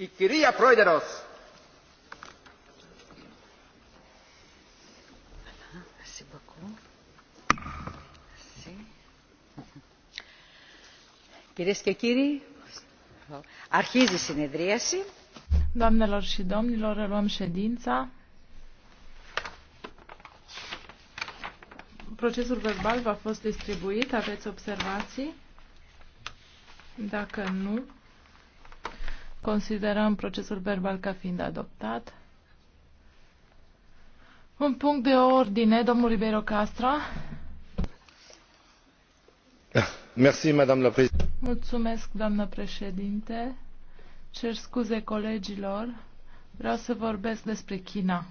Η κυρία Πρόεδρος. Κυρίες και κύριοι, αρχίζει η συνεδρίαση. Doamnelor și domnilor, reluăm ședința. Procesul verbal v-a fost distribuit. Aveți observații? Dacă nu, Considerăm procesul verbal ca fiind adoptat. Un punct de ordine, domnul Ribeiro Castro. Merci, madame la Mulțumesc, doamnă președinte. Cer scuze colegilor. Vreau să vorbesc despre China.